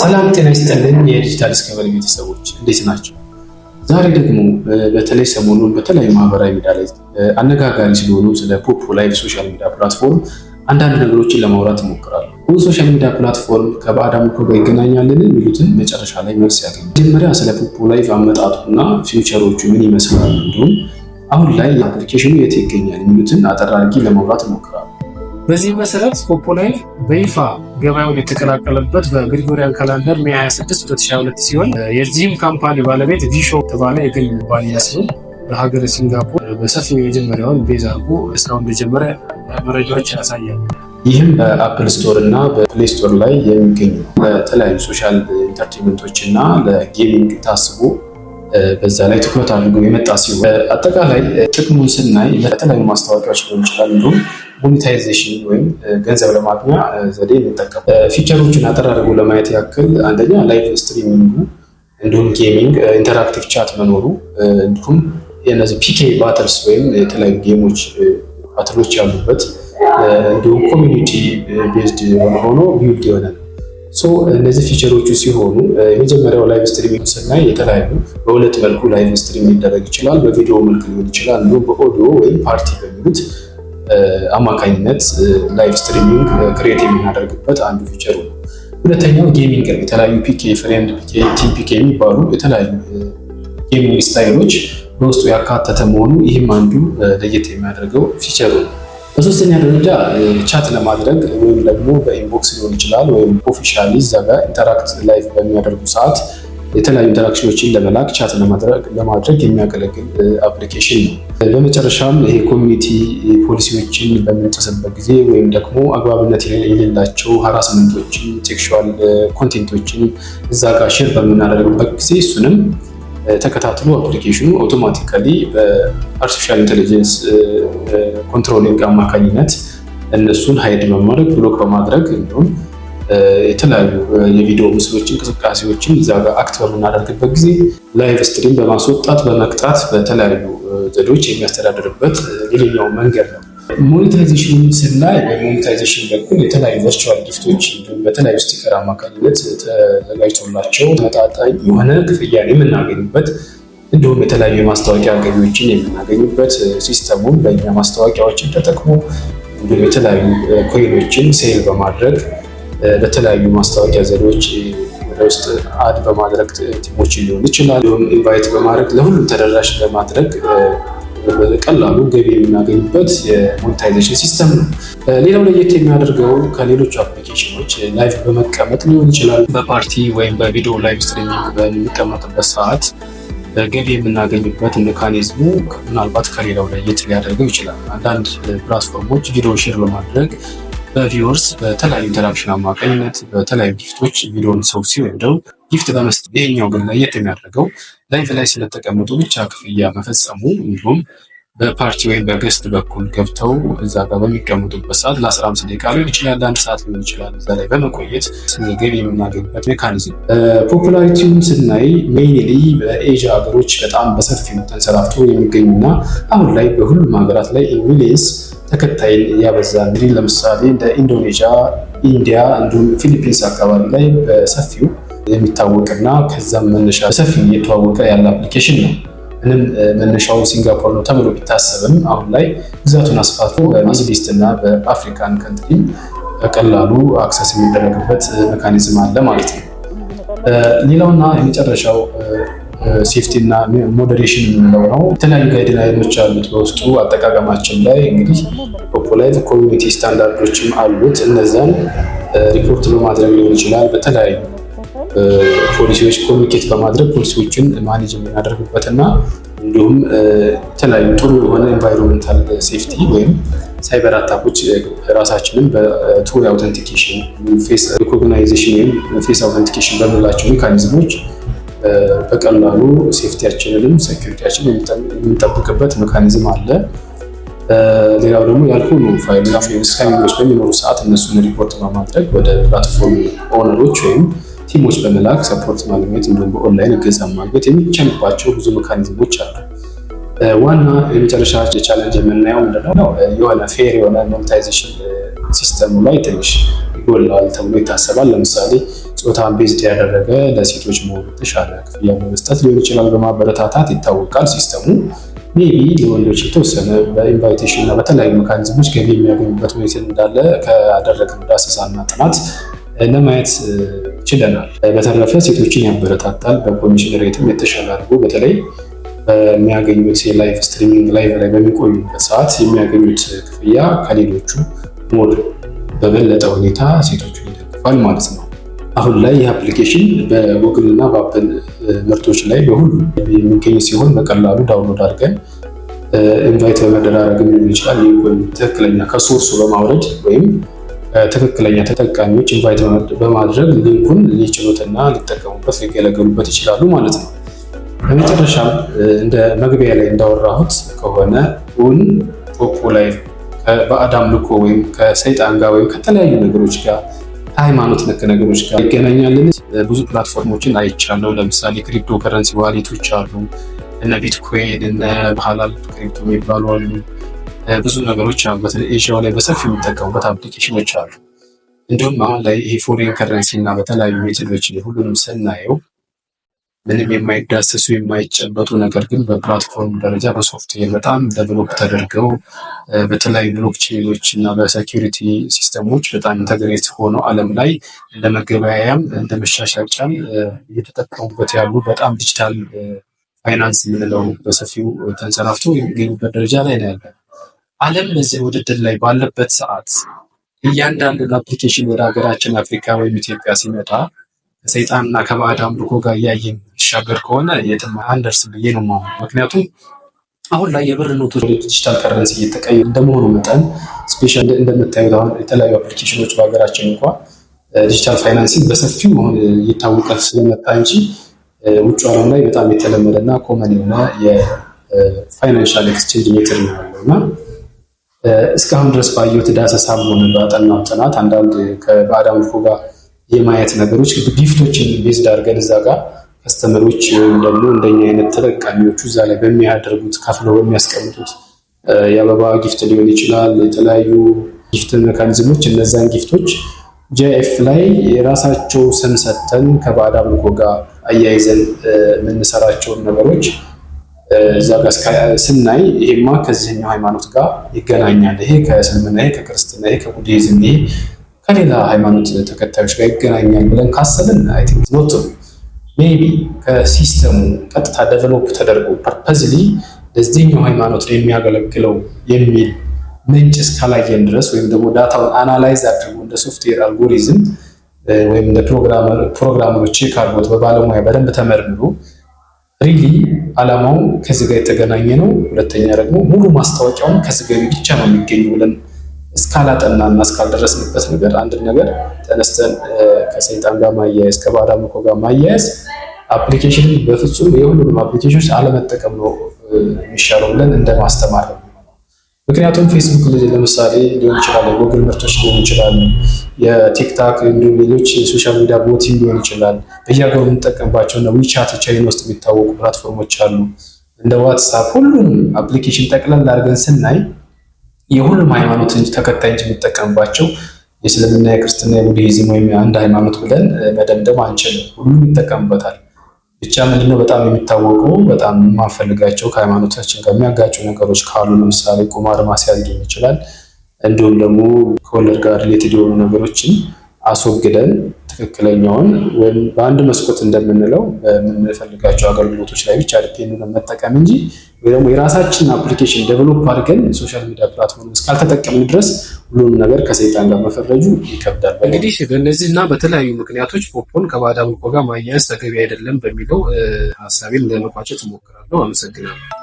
ሰላም ጤና ይስጥልን የዲጂታል ዲስከቨሪ ቤተሰቦች እንዴት ናቸው? ዛሬ ደግሞ በተለይ ሰሞኑን በተለያዩ ማህበራዊ ሚዲያ ላይ አነጋጋሪ ስለሆኑ ስለ ፖፖ ላይቭ ሶሻል ሚዲያ ፕላትፎርም አንዳንድ ነገሮችን ለማውራት እሞክራለሁ። ይህ ሶሻል ሚዲያ ፕላትፎርም ከባዕድ አምልኮ ጋር ይገናኛልን የሚሉትን መጨረሻ ላይ መልስ ያገኛል። መጀመሪያ ስለ ፖፖ ላይቭ አመጣጡና ፊውቸሮቹ ምን ይመስላሉ፣ እንዲሁም አሁን ላይ የአፕሊኬሽኑ የት ይገኛል የሚሉትን አጠራርጊ ለማውራት እሞክራለሁ። በዚህ መሰረት ፖፖላይ በይፋ ገበያውን የተቀላቀለበት በግሪጎሪያን ካላንደር ሜ 26 2022 ሲሆን የዚህም ካምፓኒ ባለቤት ቪሾ ተባለ የግል ኩባንያ ሲሆን በሀገር ሲንጋፖር በሰፊው የመጀመሪያውን ቤዝ አርጎ እስካሁን እንደጀመረ መረጃዎች ያሳያል። ይህም በአፕል ስቶር እና በፕሌይ ስቶር ላይ የሚገኙ ለተለያዩ ሶሻል ኢንተርቴንመንቶች እና ለጌሚንግ ታስቦ በዛ ላይ ትኩረት አድርጎ የመጣ ሲሆን አጠቃላይ ጥቅሙን ስናይ ለተለያዩ ማስታወቂያዎች ሊሆን ይችላል እንዲሁም ሞኔታይዜሽን ወይም ገንዘብ ለማግኛ ዘዴ እንጠቀም። ፊቸሮቹን አጠር አድርጎ ለማየት ያክል አንደኛ ላይቭ ስትሪሚንጉ፣ እንዲሁም ጌሚንግ፣ ኢንተራክቲቭ ቻት መኖሩ እንዲሁም የነዚህ ፒኬ ባትልስ ወይም የተለያዩ ጌሞች ባትሎች ያሉበት እንዲሁም ኮሚኒቲ ቤዝድ የሆነ ሆኖ ቢውልድ የሆነ ነው። እነዚህ ፊቸሮቹ ሲሆኑ የመጀመሪያው ላይቭ ስትሪሚንግ ስናይ የተለያዩ በሁለት መልኩ ላይቭ ስትሪም ሊደረግ ይችላል። በቪዲዮ መልክ ሊሆን ይችላል፣ እንዲሁም በኦዲዮ ወይም ፓርቲ በሚሉት አማካኝነት ላይቭ ስትሪሚንግ ክሬት የምናደርግበት አንዱ ፊቸሩ ነው። ሁለተኛው ጌሚንግ ነው። የተለያዩ ፒኬ፣ ፍሬንድ ፒኬ፣ ቲም ፒኬ የሚባሉ የተለያዩ ጌሚንግ ስታይሎች በውስጡ ያካተተ መሆኑ ይህም አንዱ ለየት የሚያደርገው ፊቸሩ ነው። በሶስተኛ ደረጃ ቻት ለማድረግ ወይም ደግሞ በኢንቦክስ ሊሆን ይችላል ወይም ኦፊሻሊ እዛ ጋር ኢንተራክት ላይቭ በሚያደርጉ ሰዓት የተለያዩ ኢንተራክሽኖችን ለመላክ ቻት ለማድረግ የሚያገለግል አፕሊኬሽን ነው። በመጨረሻም ይሄ ኮሚኒቲ ፖሊሲዎችን በምንጥስበት ጊዜ ወይም ደግሞ አግባብነት የሌላቸው ሀራስመንቶችን፣ ሴክሹዋል ኮንቴንቶችን እዛ ጋር ሼር በምናደርግበት ጊዜ እሱንም ተከታትሎ አፕሊኬሽኑ አውቶማቲካሊ በአርቲፊሻል ኢንቴሊጀንስ ኮንትሮሊንግ አማካኝነት እነሱን ሀይድ በማድረግ ብሎክ በማድረግ እንዲሁም የተለያዩ የቪዲዮ ምስሎች እንቅስቃሴዎችን እዛ ጋር አክት በምናደርግበት ጊዜ ላይቭ ስትሪም በማስወጣት በመቅጣት በተለያዩ ዘዴዎች የሚያስተዳድርበት ሌላኛው መንገድ ነው። ሞኔታይዜሽን ስናይ በሞኔታይዜሽን በኩል የተለያዩ ቨርቹዋል ጊፍቶች እንዲሁም በተለያዩ ስቲከር አማካኝነት ተዘጋጅቶላቸው ተመጣጣኝ የሆነ ክፍያ የምናገኝበት እንዲሁም የተለያዩ የማስታወቂያ ገቢዎችን የምናገኝበት ሲስተሙን በእኛ ማስታወቂያዎችን ተጠቅሞ እንዲሁም የተለያዩ ኮይኖችን ሴል በማድረግ በተለያዩ ማስታወቂያ ዘዴዎች ውስጥ አድ በማድረግ ቲሞች ሊሆን ይችላል ኢንቫይት በማድረግ ለሁሉም ተደራሽ በማድረግ በቀላሉ ገቢ የምናገኝበት የሞኔታይዜሽን ሲስተም ነው። ሌላው ለየት የሚያደርገው ከሌሎቹ አፕሊኬሽኖች ላይቭ በመቀመጥ ሊሆን ይችላል። በፓርቲ ወይም በቪዲዮ ላይቭ ስትሪሚንግ በሚቀመጥበት ሰዓት ገቢ የምናገኝበት ሜካኒዝሙ ምናልባት ከሌላው ለየት ሊያደርገው ይችላል። አንዳንድ ፕላትፎርሞች ቪዲዮ ሼር በማድረግ በቪወርስ በተለያዩ ኢንተራክሽን አማካኝነት በተለያዩ ጊፍቶች ቪዲዮን ሰው ሲወደው ጊፍት በመስጠት ይሄኛው ግን ለየት የሚያደርገው ላይቭ ላይ ስለተቀመጡ ብቻ ክፍያ መፈጸሙ እንዲሁም በፓርቲ ወይም በገስት በኩል ገብተው እዛ ጋር በሚቀመጡበት ሰዓት ለ15 ደቂቃ ሊሆን ይችላል፣ ለአንድ ሰዓት ሊሆን ይችላል። እዛ ላይ በመቆየት ገቢ የምናገኝበት ሜካኒዝም። ፖፑላሪቲውን ስናይ ሜይንሊ በኤዥያ ሀገሮች በጣም በሰፊው ተንሰራፍቶ የሚገኙና አሁን ላይ በሁሉም ሀገራት ላይ ሚሊየንስ ተከታይን ያበዛ እንግዲህ ለምሳሌ እንደ ኢንዶኔዥያ፣ ኢንዲያ እንዲሁም ፊሊፒንስ አካባቢ ላይ በሰፊው የሚታወቅና ከዛም መነሻ በሰፊው እየተዋወቀ ያለ አፕሊኬሽን ነው። ምንም መነሻው ሲንጋፖር ነው ተብሎ ቢታሰብም አሁን ላይ ግዛቱን አስፋቶ በሚድሊስት እና በአፍሪካን ከንትሪም በቀላሉ አክሰስ የሚደረግበት ሜካኒዝም አለ ማለት ነው። ሌላውና የመጨረሻው ሴፍቲ እና ሞዴሬሽን የምንለው ነው። የተለያዩ ጋይድላይኖች አሉት በውስጡ አጠቃቀማችን ላይ እንግዲህ ፖፖላይት ኮሚኒቲ ስታንዳርዶችም አሉት። እነዛን ሪፖርት በማድረግ ሊሆን ይችላል። በተለያዩ ፖሊሲዎች ኮሚኒኬት በማድረግ ፖሊሲዎችን ማኔጅ የምናደርግበት እና እንዲሁም የተለያዩ ጥሩ የሆነ ኤንቫይሮንመንታል ሴፍቲ ወይም ሳይበር አታኮች ራሳችንን በቱ አውተንቲኬሽን ፌስ ሪኮግናይዜሽን ወይም ፌስ አውተንቲኬሽን በምንላቸው ሜካኒዝሞች በቀላሉ ሴፍቲያችንንም ሴኪሪቲያችን የምንጠብቅበት መካኒዝም አለ። ሌላው ደግሞ ያልሆኑ ፋይሎች በሚኖሩ ሰዓት እነሱን ሪፖርት በማድረግ ወደ ፕላትፎርም ኦነሮች ወይም ቲሞች በመላክ ሰፖርት ማግኘት እንዲሁም በኦንላይን እገዛ ማግኘት የሚቻልባቸው ብዙ መካኒዝሞች አሉ። ዋና የመጨረሻ ቻለንጅ የምናየው ምንድነው? የሆነ ፌር የሆነ ሞኔታይዜሽን ሲስተሙ ላይ ትንሽ ይጎላል ተብሎ ይታሰባል። ለምሳሌ ጾታን ቤዝድ ያደረገ ለሴቶች መሆኑ የተሻለ ክፍያ በመስጠት ሊሆን ይችላል በማበረታታት ይታወቃል። ሲስተሙ ሜቢ ለወንዶች የተወሰነ በኢንቫይቴሽን እና በተለያዩ መካኒዝሞች ገቢ የሚያገኙበት ሁኔታ እንዳለ ከአደረግነው ዳሰሳና ጥናት ለማየት ችለናል። በተረፈ ሴቶችን ያበረታታል፣ በኮሚሽን ሬትም የተሻለ አድርጎ በተለይ በሚያገኙት የላይቭ ስትሪሚንግ ላይቭ ላይ በሚቆዩበት ሰዓት የሚያገኙት ክፍያ ከሌሎቹ ሞድ በበለጠ ሁኔታ ሴቶቹን ይደግፋል ማለት ነው። አሁን ላይ ይህ አፕሊኬሽን በጉግል እና በአፕል ምርቶች ላይ በሁሉም የሚገኝ ሲሆን በቀላሉ ዳውንሎድ አድርገን ኢንቫይት በመደራረግ ሊሆን ይችላል። ይህም ትክክለኛ ከሶርሱ በማውረድ ወይም ትክክለኛ ተጠቃሚዎች ኢንቫይት በማድረግ ሊንኩን ሊጭኑትና ሊጠቀሙበት ሊገለገሉበት ይችላሉ ማለት ነው። በመጨረሻም እንደ መግቢያ ላይ እንዳወራሁት ከሆነ ኡን ፖፖ ላይ በአዳም ልኮ ወይም ከሰይጣን ጋር ወይም ከተለያዩ ነገሮች ጋር ከሃይማኖት ነክ ነገሮች ጋር ይገናኛልን? ብዙ ፕላትፎርሞችን አይቻለው። ለምሳሌ ክሪፕቶ ከረንሲ ዋሌቶች አሉ፣ እነ ቢትኮይን፣ እነ ባህላል ክሪፕቶ የሚባሉ አሉ። ብዙ ነገሮች አሉ። በተለይ ኤዥያ ላይ በሰፊ የሚጠቀሙበት አፕሊኬሽኖች አሉ። እንዲሁም አሁን ላይ ይሄ ፎሬን ከረንሲ እና በተለያዩ ሜትዶች ሁሉንም ስናየው ምንም የማይዳሰሱ የማይጨበጡ ነገር ግን በፕላትፎርም ደረጃ በሶፍትዌር በጣም ደብሎክ ተደርገው በተለያዩ ብሎክቼኖች እና በሴኪሪቲ ሲስተሞች በጣም ኢንተግሬት ሆኖ ዓለም ላይ እንደ መገበያያም እንደ መሻሻጫም እየተጠቀሙበት ያሉ በጣም ዲጂታል ፋይናንስ የምንለው በሰፊው ተንሰራፍቶ የሚገኙበት ደረጃ ላይ ነው ያለ። ዓለም በዚህ ውድድር ላይ ባለበት ሰዓት እያንዳንዱን አፕሊኬሽን ወደ ሀገራችን አፍሪካ ወይም ኢትዮጵያ ሲመጣ እና ከባዕድ አምልኮ ጋር እያየን ይሻገር ከሆነ የትም አንደርስ ብዬ ነው ማሆ ምክንያቱም አሁን ላይ የብር ኖቶች ወደ ዲጂታል ከረንሲ እየተቀየሩ እንደመሆኑ መጠን ስፔሻል እንደምታዩት አሁን የተለያዩ አፕሊኬሽኖች በሀገራችን እንኳ ዲጂታል ፋይናንሲንግ በሰፊው አሁን እየታወቀ ስለመጣ እንጂ ውጭ ዓለም ላይ በጣም የተለመደ እና ኮመን የሆነ የፋይናንሻል ኤክስቼንጅ ሜትር ነው ያለው እና እስካሁን ድረስ ባየሁት ዳሰሳም ሆነ በጠናው ጥናት አንዳንድ ከባዕድ አምልኮ ጋር የማየት ነገሮች ጊፍቶችን ቤዝድ አድርገን እዛ ጋር ከስተመሮች ወይም ደግሞ እንደኛ አይነት ተጠቃሚዎቹ እዛ ላይ በሚያደርጉት ከፍለው በሚያስቀምጡት የአበባ ጊፍት ሊሆን ይችላል። የተለያዩ ጊፍት መካኒዝሞች፣ እነዛን ጊፍቶች ጄኤፍ ላይ የራሳቸው ስም ሰጥተን ከባዕድ አምልኮ ጋር አያይዘን የምንሰራቸውን ነገሮች እዛ ጋር ስናይ ይሄማ ከዚህኛው ሃይማኖት ጋር ይገናኛል፣ ይሄ ከእስልምና፣ ይሄ ከክርስትና፣ ይሄ ከቡድሂዝም፣ ይሄ ከሌላ ሃይማኖት ተከታዮች ጋር ይገናኛል ብለን ካሰብን አይ ቲንክ ኖት ሜይ ቢ ከሲስተሙ ቀጥታ ደቨሎፕ ተደርጎ ፐርፐዝሊ ለዚህኛው ሃይማኖት ነው የሚያገለግለው የሚል ምንጭ እስካላየን ድረስ ወይም ደግሞ ዳታውን አናላይዝ አድርጎ እንደ ሶፍትዌር አልጎሪዝም ወይም እንደ ፕሮግራመሮች ቼክ አድርጎት በባለሙያ በደንብ ተመርምሮ ሪሊ አላማው ከዚህ ጋር የተገናኘ ነው። ሁለተኛ ደግሞ ሙሉ ማስታወቂያውን ከዚህ ገቢ ብቻ ነው የሚገኘው ብለን እስካላጠናና እስካልደረስንበት ነገር አንድን ነገር ተነስተን ከሰይጣን ጋር ማያያዝ ከባዕድ አምልኮ ጋር ማያያዝ አፕሊኬሽንን በፍጹም የሁሉንም አፕሊኬሽኖች አለመጠቀም ነው የሚሻለው ብለን እንደማስተማር ነው። ምክንያቱም ፌስቡክ ለምሳሌ ሊሆን ይችላል፣ የጉግል ምርቶች ሊሆን ይችላል፣ የቲክታክ እንዲሁም ሌሎች የሶሻል ሚዲያ ቦቲም ሊሆን ይችላል። በየሀገሩ የምንጠቀምባቸው እና ዊቻት ቻይና ውስጥ የሚታወቁ ፕላትፎርሞች አሉ። እንደ ዋትሳፕ ሁሉንም አፕሊኬሽን ጠቅለል አድርገን ስናይ የሁሉም ሃይማኖት ተከታይ እንጂ የሚጠቀምባቸው የእስልምና፣ የክርስትና፣ የቡድሂዝም ወይም አንድ ሃይማኖት ብለን መደምደም አንችልም። ሁሉም ይጠቀምበታል። ብቻ ምንድነው በጣም የሚታወቁ በጣም የማንፈልጋቸው ከሃይማኖታችን ጋር የሚያጋጩ ነገሮች ካሉ ለምሳሌ ቁማር ማስያዝ ሊሆን ይችላል። እንዲሁም ደግሞ ከወለድ ጋር ሌትድ የሆኑ ነገሮችን አስወግደን ትክክለኛውን ወይም በአንድ መስኮት እንደምንለው በምንፈልጋቸው አገልግሎቶች ላይ ብቻ ልፔኑ መጠቀም እንጂ ወይ ደግሞ የራሳችንን አፕሊኬሽን ዴቨሎፕ አድርገን ሶሻል ሚዲያ ፕላትፎርም እስካልተጠቀምን ድረስ ሁሉንም ነገር ከሰይጣን ጋር መፈረጁ ይከብዳል። እንግዲህ በእነዚህ እና በተለያዩ ምክንያቶች ፖፖን ከባዳ አምልኮ ጋር ማያያዝ ተገቢ አይደለም በሚለው ሀሳቤን ለመቋጨት እሞክራለሁ። አመሰግናለሁ።